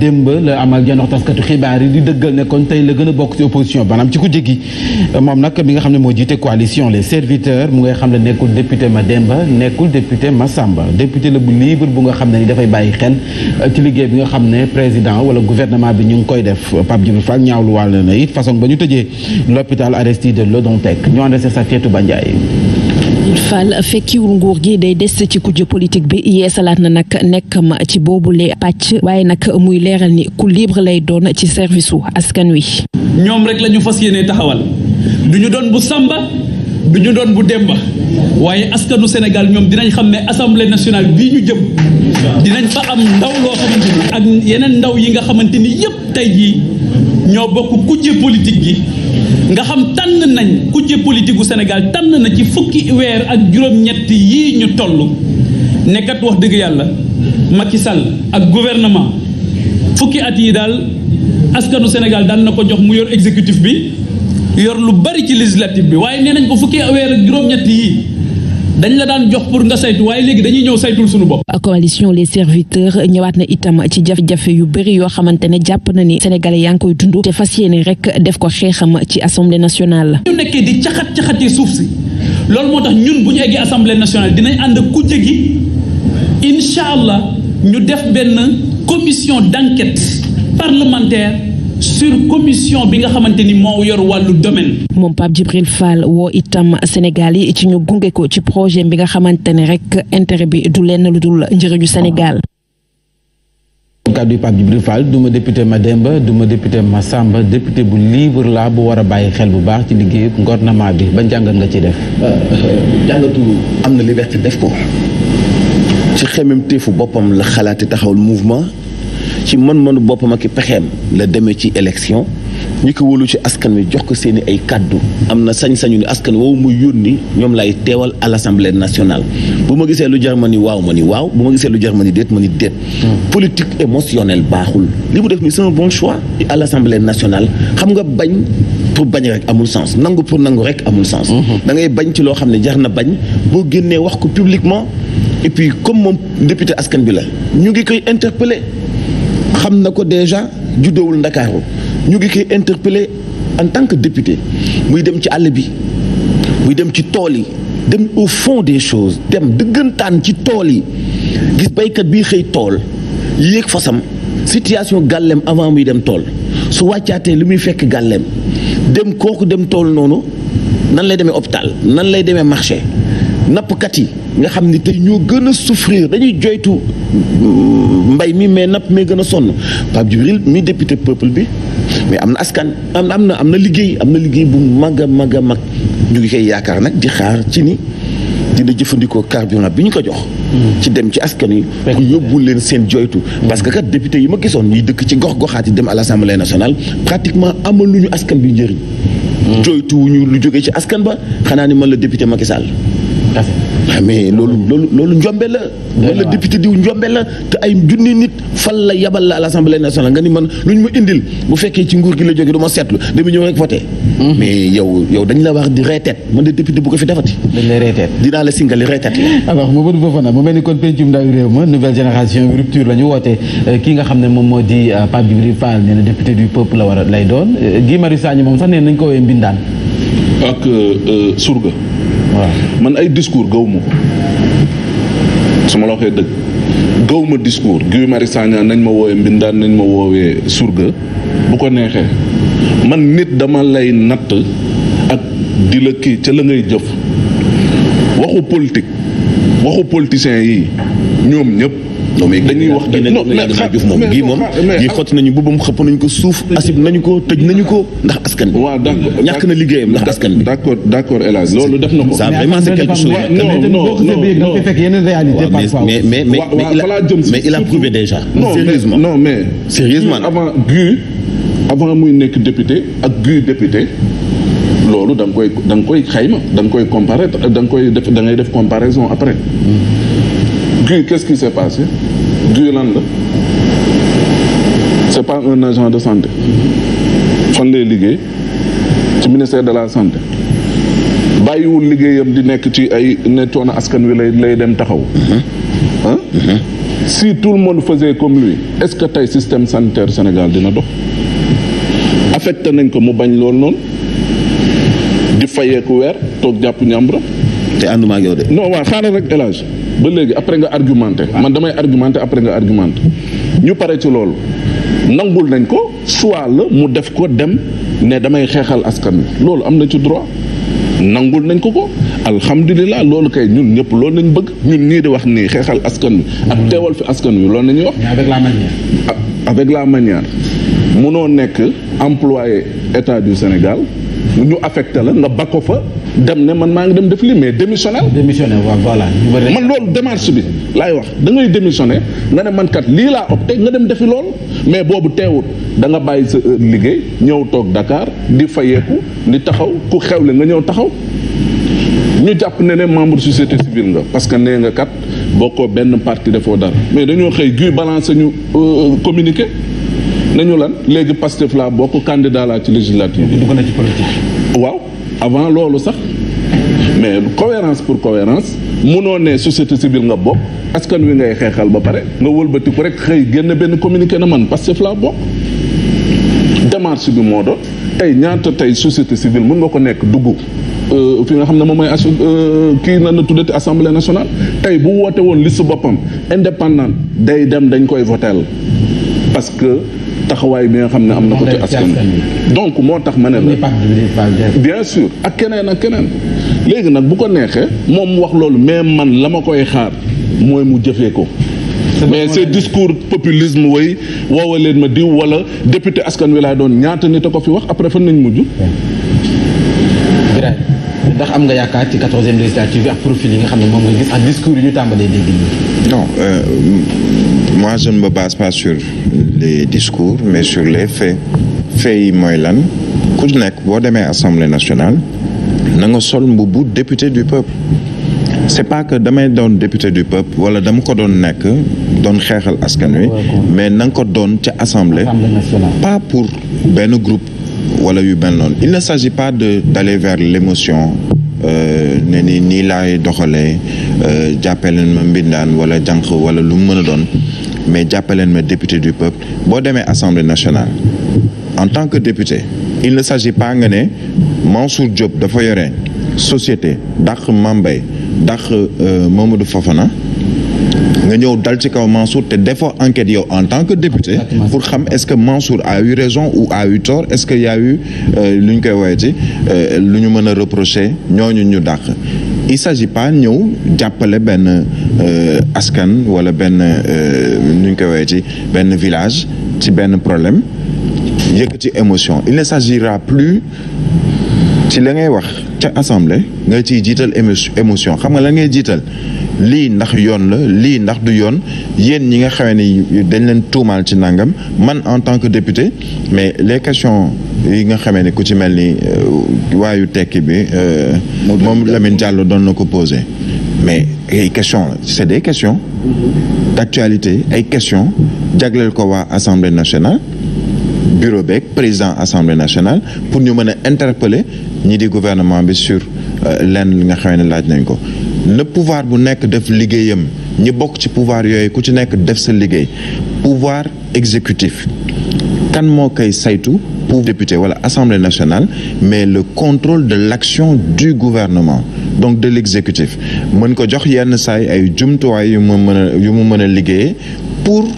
démb la amal janox taskatu xibaar yi di dëggal ne kon tey la gën a bokk ci opposition maanaam ci ku jéggi moom nag mi nga xam ne moo jiite coalition les serviteurs mu ngay xam ne nekkul député ma Mademba nekkul député Massamba député la bu libre bu nga xam ne ni dafay bàyyi xen euh, ci liggéey bi nga xam ne président wala gouvernement bi ñu ngi koy def Pape Djibril ñaaw ñaawlu wàll na it façon ba ñu tëjee l'hôpital Aristide Le Dantec ñoo ànd sa Safietou Ba Ndiaye Déthié fekkiwul nguur gi day des ci kujje politique bi yeesalaat na nag ma ci boobu boobule pàcc waaye nag muy leeral ni ku libre lay doon ci service wu askan wi. ñoom rek lañu ñu fas yéene taxawal du ñu doon bu samba du ñu doon bu demba waaye askanu Sénégal ñoom dinañ xam ne assemblée nationale bii ñu jëm. dinañ fa am ndaw loo xamante ni ak yeneen ndaw yi nga xamante ni yëpp tey jii ñoo bokk kujje politique gi. nga xam tànn nañ ku politique gu Sénégal tànn na ci fukki weer ak juróom-ñett yii ñu toll nekkat wax dëgg yàlla Macky Sall ak gouvernement fukki at yi daal askanu Sénégal daan na ko jox mu yor executif bi yor lu bari ci législatif bi waaye nee nañ ko fukki weer ak juróom-ñett yii dañu la daan jox pour nga saytu waaye léegi dañuy ñëw saytul suñu bopp. coalition les serviteurs ñëwaat na itam ci jafe-jafe yu bëri yoo xamante ne jàpp na ni sénégalais yaa ngi koy dund te fas yéene rek def ko xeexam ci assemblée nationale la. ñu nekkee di caxat caxatee suuf si loolu moo tax ñun bu ñu eggee assemblée nationale dinañ ànd ku jegi incha allah ñu def benn commission d' enquête parlementaire. sur commission bi nga xamante ni moo yor wàllu domaine. moom Pape Djibril Fall woo itam Sénégal yi ci ñu gunge ko ci projet bi nga xamante ne rek intérêt bi du lenn lu dul njëriñu Sénégal. kàddu Pape Djibril Fall du ma député Mademba du ma député Massamba député bu libre la bu war a bàyyi xel bu baax ci liggéeyu gouvernement bi ba jàngat nga ci def. Euh, euh, jàngatu am na liberté def ko. ci xemem teefu boppam la xalaati taxawul mouvement. ci mën-mënu boppam ak i pexeem la demee ci élection ñi ko wóolu ci askan wi jox ko seen ay kàddu am na sañ-sañu ni askan woowu muy yónni ñoom lay teewal à l' assemblée nationale bu ma gisee lu jar ma waaw ma ni waaw bu ma gisee lu jar ma ni déet ma ni déet politique émotionnelle baaxul li mu def ni c'est un bon choix à l' assemblée nationale xam nga bañ pour bañ rek amul sens nangu pour nangu rek amul sens mm-hmm. da ngay bañ ci loo xam ne jar na bañ boo génnee wax ko publiquement et puis comme moom député askan bi la xam na ko déjà juddoowul Ndakaaru ñu ngi koy interpellé en tant que député muy dem ci àll bi muy dem ci tool yi dem au fond des choses dem dëggantaan ci tool yi gis baykat bii xëy tool yéeg fasam situation gàllem avant muy dem tool su wàccaatee li muy fekk gàlleem dem kooku dem tool noonu nan lay demee hôpital nan lay demee marché nappkat yi nga xam ni tey ñoo gën a souffrir dañuy joytu mbay mi mais napp mais gën a sonn Pape Djibril mi député peuple bi mais am na askan am am na am na liggéey am na liggéey bu mag a mag a mag ñu ngi koy yaakaar nag di xaar ci ni dina jëfandikoo carburant bi ñu ko jox. ci dem ci askan wi. pour yóbbu leen seen joytu. parce que kat député yi ma gisoon ñuy dëkk ci gox goxaat yi dem à l'Assemblée nationale pratiquement ñu askan bi njëriñ. Hmm. joytu ñu lu jógee ci askan ba xanaa ni man la député Macky Sall Ah, mais loolu loolu loolu njombe la wala député diw njombe la te ay junni nit fal la yabal la à l'Assemblée nationale nga ni man lu ñu ma indil bu fekkee ci nguur gi la jóge du ma seetlu dama ñëw rek voté hmm. mais yow yow dañ la wax di reeteet man de député bu ko fi defati dañ lay reeteet dinaa la singali reeteet la alors Mamadou Fofana mu mel ni kon pencum ndaw réew ma nouvelle génération rupture la ñu woote euh, kii nga xam ne moom moo di euh, Pape Djibril Fall nee na député du peuple la a lay doon euh, Guy Marius Sagna moom sax nee nañ ko woowee ak surga man ay discours gaw ma su ma la waxee dëgg gaw ma discours Guy Marius Sagna nañ ma woowee mbindaan nañ ma woowee surga bu ko neexee man nit dama lay natt ak di la kii ca la ngay jëf waxu politique waxu politiciens yi ñoom ñëpp no mais dañuy wax dëgg non mais moom gii moom gii xotti nañu bubbam xëpp nañu ko suuf asib nañu ko tëj nañu ko ndax askan bi. waaw d'accord ñàkk na liggéeyam ndax askan bi. d'accord d'accord El Hadj loolu def na ko. ça vraiment c'est quelque chose. non non non mais mais mais mais il a prouvé déjà. sérieusement non mais sérieusement muy nekk député ak Guy député. loolu danga koy danga koy xayma da nga koy comparer da nga koy def da ngay def comparaison après. Guy qu'est-ce qui s'est passé Guy lan la c'est pas un agent de santé fan lay liggéey ci ministère de la santé bàyyiwul liggéeyam di nekk ci ay ne coono askan wi lay dem taxaw ah si tout le monde faisait comme lui est-ce que tey système sanitaire Sénégal dina dox affecté nañ ko mu bañ loolu noonu di fayeeku weer toog jàpp ñàmbra te ànduma ak yow de non waaw xaaral rek élage ba léegi après nga argumenté man damay argumenté après nga argumenté ñu pare ci loolu nangul nañ ko soit la mu def ko dem ne damay xeexal askan wi loolu am na ci droit nangul nañ ko ko alhamdulilah loolu kay ñun ñëpp loolu lañ bëgg ñun ñii di wax nii xeexal askan wi ak teewal fi askan wi loolu la ñuy wax. avec la manière. avec la manière munoo nekk employé état du Sénégal ñu affecté la nga ko fa. dem ne man maa ngi dem def li mais démissionné. démissionné waaw voilà man loolu démarche bi laay wax da ngay démissionné nga ne man kat lii laa opté nga dem defi loolu mais boobu teewut danga bàyyi sa liggéey ñëw toog Dakar di fayeeku ni taxaw ku xewle nga ñëw taxaw. ñu jàpp ne ne membre société civile nga parce que nee nga kat boo ko benn parti defoo dara mais dañoo xëy guy balancé ñu euh, communiqué nañu lan léegi Pastef laa bokk candidat laa ci législative bi. dugg waaw. avant loolu sax mais cohérence pour cohérence mënoo ne société civile nga bokk askan wi ngay xeexal ba pare nga wëlbati ko rek xëy génn benn communiqué na man parce que laa bokk démarche bi moo doon tey ñaata tey société civile mën nga ko nekk dugg euh, fi nga xam ne moom mooy assu euh, kii na na tuddati assemblée nationale tey bu woote woon liste boppam indépendant day dem dañ koy votel parce taxawaay bi nga xam ne am na ko ci askan donc moo tax ma ne la bien sûr ak keneen ak keneen léegi nag bu ko neexee moom mu wax loolu mais man la ma koy xaar mooy mu jëfee ko mais ce discours populisme way woowa leen ma diw wala député askan wi laa doon ñaata nit a ko fi wax après fan nañ mujj ndax am nga yaakaar ci quatorzième législative bi ak profil yi nga xam ne moom nga gis ak discours yi ñu tàmbalee dégg ñi non euh, moi je ne me base pas sur les discours mais sur les faits faits yi mooy lan ku nekk boo demee assemblée nationale na nga sol mbubu député du peuple c'est pas que damay doon député du peuple wala dama ko doon nekk doon xeexal askan wi mais na nga ko doon ca assemblée pas pour benn groupe wala yu mel noonu il ne s'agit pas de d'aller vers l'émotion euh, ne ni nii laay doxalee euh, jàppaleen ma mbindaan wala jànq wala lu mu mën a doon mais jàppaleen ma député du peuple boo demee assemblée nationale en tant que député il ne s'agit pas nga ne Mansour Diop dafa yore société dàq Mambay dàq euh, Mamadou Fofana nga ñëw dal ci kaw Mansour te defoo enquête yow en tant que député pour xam est-ce que Mansour a eu raison ou a eu tort est-ce que y a eu euh, lu ñu koy woowee ci euh, lu ñu mën a reprocher ñooñu ñu dàq il s'agit ñëw jàppale benn euh, askan wala benn nu ñu koy woowee ci benn village ci benn problème yëkkati émotion il ne s'agira plus ci la ngay wax ca assemblée nga ci jiital émotion xam nga la ngay jiital lii ndax yoon la lii ndax du yoon yéen ñi nga xamee ni dañ leen tuumaal ci nangam man en tant que député mais les questions yi nga xame ni ku ci mel ni euh, waayu tekki bi euh, moom Lamine jàll doon na ko posé mais ay question la c'est des questions mm-hmm. d'actualité ay question jagleel ko waa assemblée nationale bureau beeg président assemblée nationale pour ñu mën a interpeller ñi di gouvernement bi sur euh, lenn li nga xame ne laaj nañ ko na pouvoir bu nekk def liggéeyam ñi bokk ci pouvoir yooyu ku ci nekk def sa liggéey pouvoir exécutif kan moo koy saytu pour député wala assemblée nationale mais le contrôle de l'action du gouvernement donc de l'exécutif mën ko jox yenn saay ay jumtuwaay yu mu mën a yu mu mën a liggéeyee pour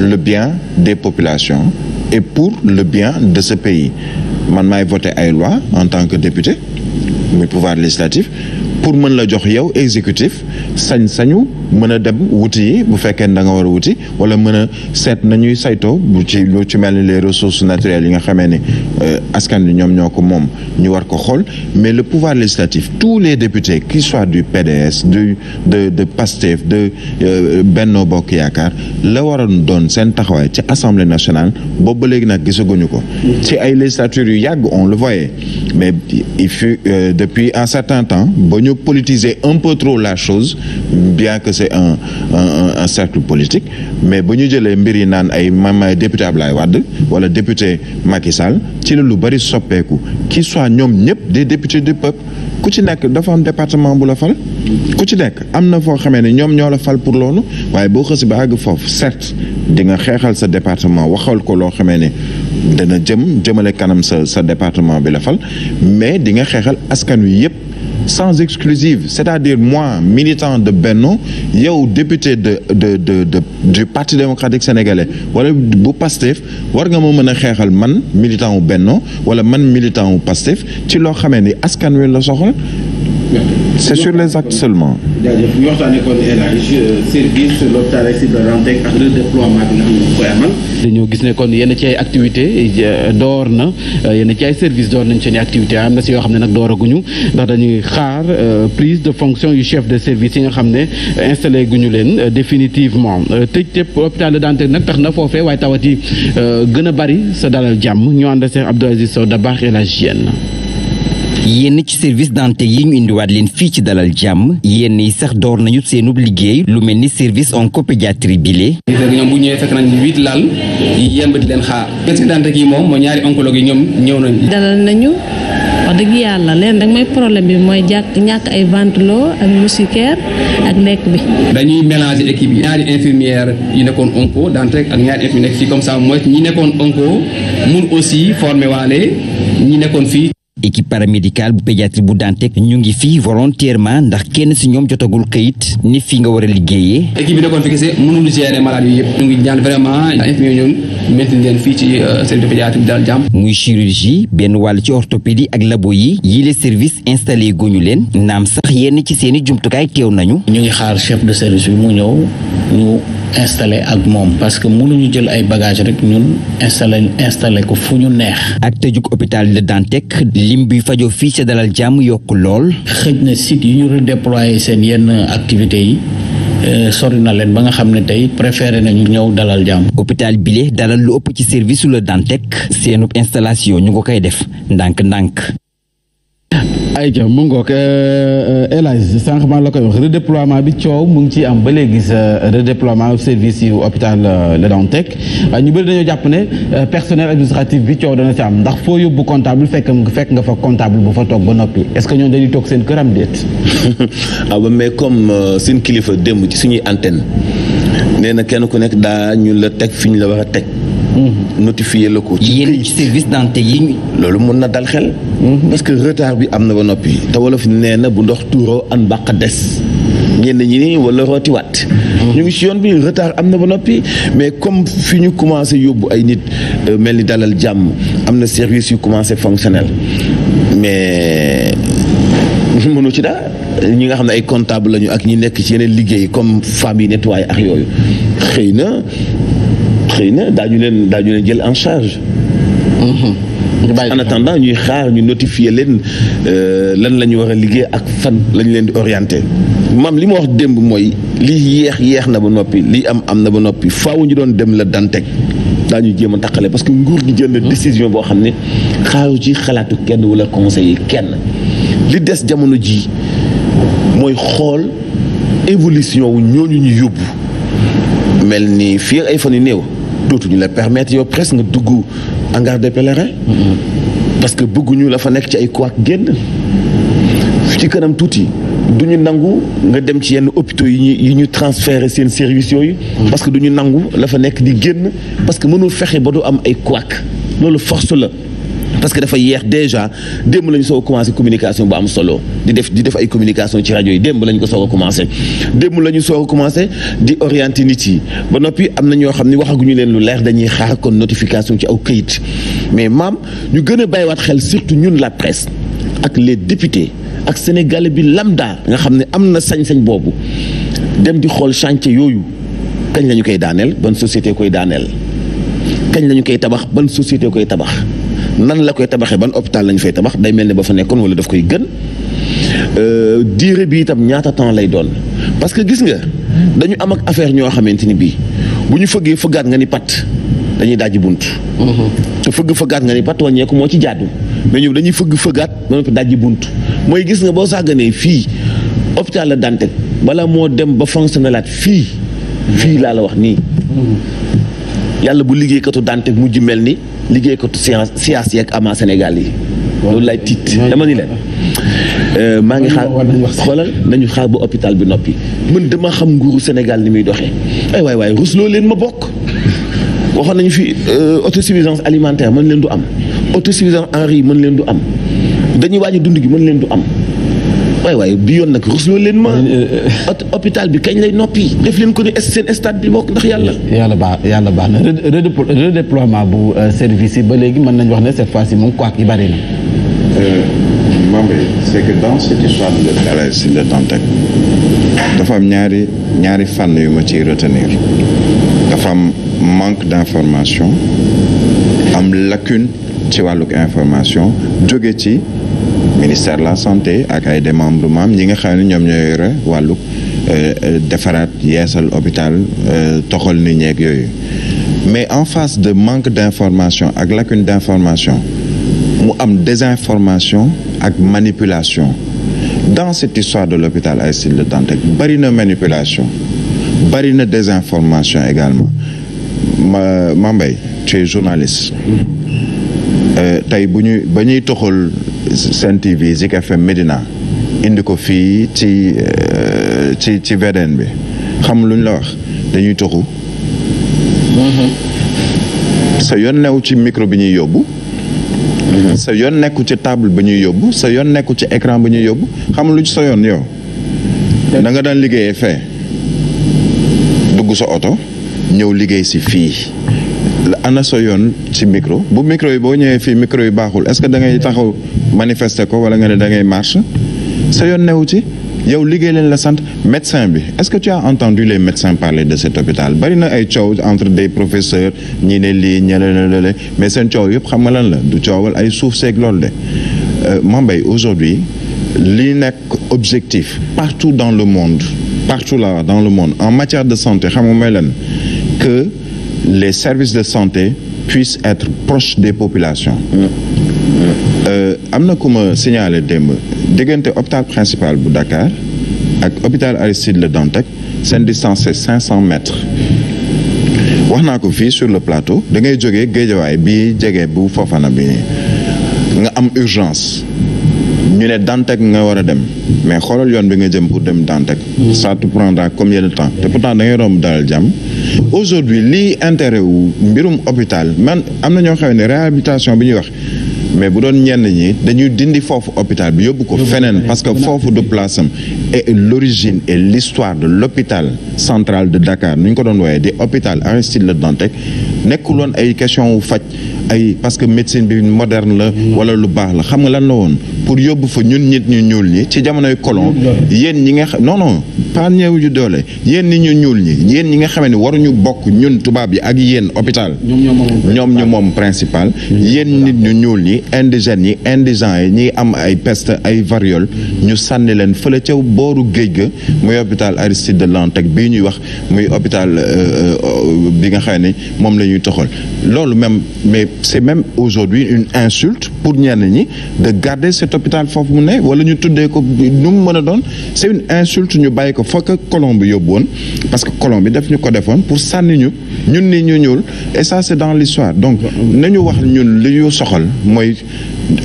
le bien des populations et pour le bien de ce pays man maay voté ay loi en tant que député muy pouvoir législatif pour mën la jox yow exécutif sañ-sañu mën a dem wuti yi bu fekkee ne da nga war a wuti wala mën a seet nañuy sayto bu ci ci mel ni les ressources naturelles yi nga xamee ne euh, askan bi ñoom ñoo ko moom ñu war ko xool mais le pouvoir législatif tous les députés qu'ils soient du PDS du de de PASTEF de euh, Benno Bokk Yaakaar la wara doon seen taxawaay ci assemblée nationale boobu ba léegi nag gisaguñu ko ci ay législature yu yàgg on le voyait mais il fut euh, depuis un certain temps ba ñu politiser un peu trop la chose c'est un un un cercle politique mais bu ñu jëlee mbir yi naan ay maam député ab Ablaye Wade wala député Macky Sall ci la lu bari soppeeku qui soit ñoom ñëpp des députés du peuple ku ci nekk dafa am département bu la fal ku ci nekk am na foo xamee ne ñoom ñoo la fal pour loolu waaye boo xësi ba àgg foofu certes dinga xeexal sa département waxal ko loo xamee ne dana jëm jëmale kanam sa sa département bi la fal mais di nga xeexal askan wi yëpp sans exclusive c'est-à-dire moi militant de Benno yow député de de de de du parti démocratique sénégalais wala bu Pastef war nga ma mën a xeexal man militant wu Benno wala man militant wu Pastef ci loo xamee ni askan wi la soxal. c'est sur les actes seulement. jaajëf dañoo gis ne kon yenn ci ay activités euh, door na euh, yenn ci ay services door nañ seen i activités am na si yoo xam ne nag dooraguñu ndax dañuy xaar euh, prise de fonction yu chef de service yi nga xam ne installé guñu leen définitivement tëj tëpp hôpital Le Dantec nag tax na foofee waaye tawat yi gën a bari sa dalal jàmm ñu ànd ak Abdou Aziz Sow Dabax et la yenn ci service dante yi ñu indiwaat leen fii ci dalal jàmm yenn yi sax door nañu seenub liggéey lu mel ni service oncopédiatrie bile. ñoom bu ñëwee fekk nañ huit lal yéen ba di leen xaar. médecin dante yi moom moo ñaari oncologue yi ñoom ñëw nañ. dalal nañu wax dëgg yàlla leen rek mooy problème bi mooy jàkk ñàkk ay ventilo ak moustiquaire ak lekk bi. dañuy mélanger équipe yi. ñaari infirmière yi nekkoon onco dante ak ñaari infirmière nekk fii comme ça mooy nekkoon onco mun aussi former équipe paramédicale bu pédiatrie bu Dantec ñu ngi fii volontairement ndax kenn si ñoom jotagul kayit ni fii nga war a liggéeyee. équipe bi nekkoon fi kese mënul gérer malade yi yëpp. ñu ngi ñaan vraiment infirmier ñoom maintenir leen fii ci euh, centre pédiatrie bi daal jàmm. muy chirurgie benn wàll ci orthopédie ak labo yi yi les services installé guñu leen naam sax yenn ci seen jumtukaay teew nañu. ñu ngi xaar chef de service bi mu ñëw installé ak moom parce que mënuñu jël ay bagage rek ñun installé installé ko fu ñu neex. ak tëjug hôpital de Dantec lim bi fajoo fii ca dalal jàmm yokku lool. xëj na site yi ñu redéployé seen yenn activités yi. Euh, sori na leen ba nga xam ne tey préféré nañu ñëw dalal jàmm. hôpital bile dalal lu ëpp ci service su la Dantec seenub installation ñu ko koy def ndànk-ndànk. ayca mu ngoog euh, euh, El Hadj sànq maa la koy wax redéploiement bi coow mu ngi ciy am ba léegi sa redéploiement service yu hôpital euh, Le Dantec ñu bëri dañoo jàpp ne personnel administratif bi coow dana ci am ndax foo yóbbu comptable fekk fekk nga fa comptable bu fa toog ba noppi est-ce que ñoom dañuy toog seen këram déet. ah mais comme seen kilifa démb ci suñuy antenne nee na kenn ku nekk daa ñu la teg fi ñu la war a teg. notifié la ko. ci yéen ci service d'entretien yi. loolu mun na dal xel. Mhm. parce que retard bi am na ba noppi. te wolof nee na bu ndox tuuroo an mbaq des. ñenn ñi ni wala rootiwaat. Mhm. ñu ngi si yoon bi retard am na ba noppi mais comme fi ñu commencé yóbbu ay nit euh, mel ni dalal jàmm am na service yu commencé fonctionnel mais mënu ci dara ñi nga xam ne ay comptable lañu ak ñi nekk ci yeneen liggéey comme famille nettoyé ak yooyu xëy na. xëy na daañu leen daañu leen jël en charge. Mm-hmm. en attendant ñuy xaar ñu notifier leen euh, lan la ñu war a liggéey ak fan la leen di orienté maam li ma wax démb mooy lii yeex yeex na ba noppi lii am am na ba noppi faaw ñu doon dem la Dantec daañu jéem a taqale parce que nguur gi jël mm-hmm. décision boo xam ne xaaru ci xalaatu kenn wala conseiller kenn li des jamono ji mooy xool évolution wu ñooñu ñu yóbbu mel nii fii ay fan yu néew. dootuñu la permettre yow presque nga dugg en gare des pèlerins mm-hmm. parce que bëgguñu la nekk ci ay couac génn ci kanam tuuti du ñu nangu nga dem ci yenn hôpitaux yi ñu yi ñu transféré seen services yooyu mm-hmm. parce que du nangu la fa nekk di génn parce que mënul fexe ba du am ay couac loolu force la parce que dafa yeex déjà démb lañu soog a commencé communication bu am solo di def di def ay communication ci rajo yi démb lañu ko soog commencé. démb lañu soog a commencé di orienter nit yi ba noppi am na ñoo xam ne waxaguñu leen lu leer dañuy xaar kon notification ci aw kayit mais maam ñu gën a bàyyiwaat xel surtout ñun la presse ak les députés ak Sénégalais bi lambda nga xam ne am na sañ-sañ boobu dem di xool chantier yooyu kañ la koy daaneel ban société koy daaneel kañ la koy tabax ban société koy tabax. nan la koy tabaxe ban hôpital lañ fay tabax day mel ni ba fa nekkoon wala daf koy gën euh, diire bi itam ñaata temps lay doon parce que gis nga dañu am ak affaire ñoo xamante ni bii bu ñu fëggee fëggaat nga ni pat dañuy dajji bunt. Mm-hmm. te fëgg fëggaat nga ni pat wàññeeku moo ci jaadu mais ñoom dañuy fëgg fëggaat ba noppi dajji bunt mooy gis nga boo sàgganee fii hôpital la Dantec bala moo dem ba fonctionnelaat fii fii laa la wax nii. Mm-hmm. yàlla bu liggéeykatu Dantec mujj mel ni liggéeykatu science science yeeg ama Sénégal yi. loolu laay tiit dama ni leen. Euh, maa ngi xaar xoolal nañu xaar ba hôpital bi noppi mën dama xam nguuru Sénégal ni muy doxee ay waay waay rusloo leen ma bokk waxoon nañu fi euh, autosuffisance alimentaire mën leen du am autosuffisance en riz mën leen du am dañuy wàññi dund gi mën leen du am. waay waaye bi yoon nag rusloo leen ma. Euh, euh. hôpital bi kañ lay noppi. def leen ko ni seen stade bi bokk ndax yàlla. yàlla baax yàlla baax na redéploiement bu euh, service yi ba léegi mën nañu wax ne cette fois ci moom quoi yi bari na. maam c'est que dans le Dantec dafa am ñaari ñaari fànn yu ma ci retenir dafa am manque d'information am lacune ci wàllug information jóge ci. ministère de la santé ak ay démembrement am ñi nga xam ne ñoom ñoo yore wàllu euh, defaraat yeesal hôpital euh, toxal nu ñeeg yooyu mais en face de manque d'information ak lacune d'information mu am désinformation ak manipulation dans cette histoire de l'hôpital Aristide Le Dantec bari na manipulation bari na désinformation également ma Mame Mbaye tu es journaliste euh, tey ba ñuy toxal Sen TV Zik FM Medina indi ko fii ci euh, ci ci VDN bi xam luñ la wax dañuy toxu mm-hmm. sa yoon new ci micro bi ñuy yóbbu mm-hmm. sa yoon nekku ci taable bi ñuy yóbbu sa yoon nekku ci écran bi ñuy yóbbu xam lu ci sa yoon yow da nga daan liggéeyee fee dugg sa oto ñëw liggéey si fii ana so yoon ci micro bu micro yi boo ñëwee fii micro yi baaxul est-ce que da ngay taxaw manifester ko wala nga ne dangay ngay marche sa yoon newu ci yow liggéey leen la sant médecin bi est-ce que tu as entendu les médecins parler de cet hôpital bari na ay coow entre des professeurs ñii ne lii ñële lële mais seen coow yëpp xam nga lan la du coowal ay suuf seeg loolu de euh, Mambay aujourd'hui li nekk objectif partout dans le monde partout là dans le monde en matière de santé xam nga mooy lan les services de santé puissent être proches des populations. Euh, am na ku ma signaler démb déggante hôpital principal bu Dakar ak hôpital Aristide Le Dantec seen distance c'est 500 mètres. wax naa ko fii sur le plateau da ngay jógee géejawaay bi jege bu Fofana bi nga am urgence. ñu ne nga war a dem mais xoolal yoon bi nga jëm pour dem Dantec ça te prendra combien de temps te pourtant da ngay romb dalal jàmm aujourd'hui lii intéret wu mbirum hôpital man am na ñoo xam ne réhabilitation bi ñuy wax mais bu doon ñenn ñi dañuy dindi foofu hôpital bi yóbbu ko feneen parce que foofu de place am et l'origine et l'histoire de l'hôpital central de Dakar nu ñu ko doon wooyee di hôpital Aristide Le Dantec nekkul woon ay question wu faj ay parce que médecine bi moderne la wala lu baax la xam nga lan la woon pour yóbbu fa ñun nit ñu ñuul ñi ci jamonoy colon yéen ñi nga xam non non pas doole yéen nit ñu ñuul ñi yéen ñi nga xamee ne waruñu bokk ñun tubaab yi ak yéen hôpital ñoom ñu moom principal yéen nit ñu ñuul ñi indigènes yi indigents yi ñi am ay peste ay variole ñu sànni leen fële ca booru géej ga muy hôpital Aristide Le Dantec bii ñuy wax muy hôpital euh, euh, bi nga xam ne moom lañu ñuy toxal loolu même mais c'est même aujourd'hui une insulte pour ñenn ñi de garder cet hôpital foofu mu ne wala ñu tuddee ko nu mu mën a doon c'est une insulte ñu bàyyi ko fokk colon bi yóbbu woon parce que colon bi def ñu ko defoon pour sànni ñu ñun ni ñu ñuul et ça c'est dans l'histoire donc ñu wax ñun li ñu soxal mooy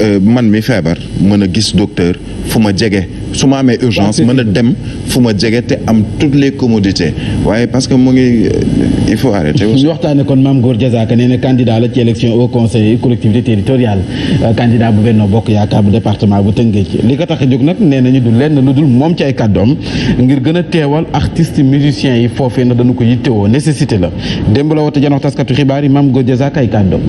euh, man mi feebar mën a gis docteur fu ma jege su ma amee urgence mën a dem fu ma jege te am toutes les commodités waaye parce que mu ngi euh, il faut arrêter. ñu waxtaanee kon Mame Gor Diazaka nee na candidat la ci élection au conseil collectivité territoriale euh, candidat bu Benno Bokk Yaakaar bu département bu Tëngéej li ko tax a jóg nag nee nañu du lenn lu dul moom ci ay kàddoom ngir gën a teewal artistes musiciens yi foofee na dañu ko yittewoo nécessité la démb la woote janox taskatu xibaar yi Mame Gor Diazaka ay kàddoom.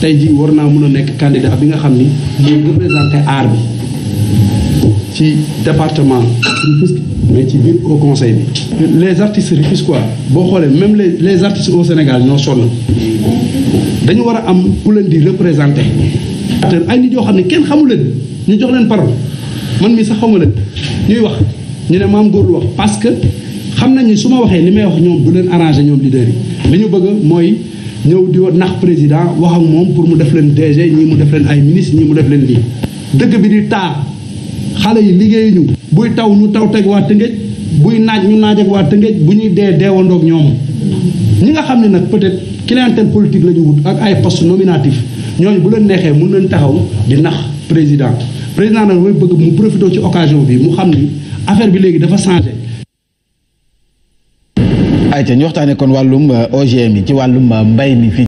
tey jii war naa mën a nekk candidat bi nga xam ni mooy représenté aar bi ci département ci biir au conseil bi. les artistes quoi boo xoolee même les les artistes au Sénégal ñoo sonn dañu war a am ku leen di représenté. ay nit yoo xam ne kenn xamu leen ñu jox leen parole man mii sax xamu leen ñuy wax ñu ne maam góor lu wax parce que xam nañ ni su ma waxee li may wax ñoom bu leen arrangé ñoom leader yi li ñu bëgg mooy. ñëw di nax président wax ak moom pour mu def leen DG ñii mu def leen ay ministre ñii mu def leen lii dëkk bi di taa xale yi liggéey ñu buy taw ñu taw teg waa Tëngéej buy naaj ñu naaj ak waa Tëngéej bu ñuy dee deewandook ñoom ñi nga xam ne nag peut-être clientèle politique la ñu wut ak ay post nominatif ñooñu bu leen neexee mën leen taxaw di nax président président nag mooy bëgg mu profité ci occasion bi mu xam ni affaire bi léegi dafa changé ayca ñu waxtaanee kon wàllum euh, OGM yi ci wàllum euh, mbay mi fii.